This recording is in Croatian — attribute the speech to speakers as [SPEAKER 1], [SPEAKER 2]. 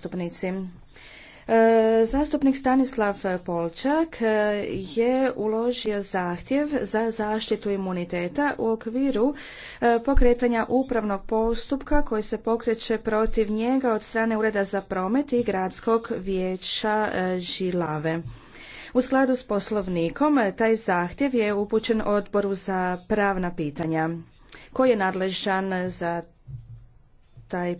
[SPEAKER 1] zastupnici. E, zastupnik Stanislav Polčak e, je uložio zahtjev za zaštitu imuniteta u okviru e, pokretanja upravnog postupka koji se pokreće protiv njega od strane Ureda za promet i Gradskog vijeća Žilave. U skladu s poslovnikom taj zahtjev je upućen odboru za pravna pitanja koji je nadležan za taj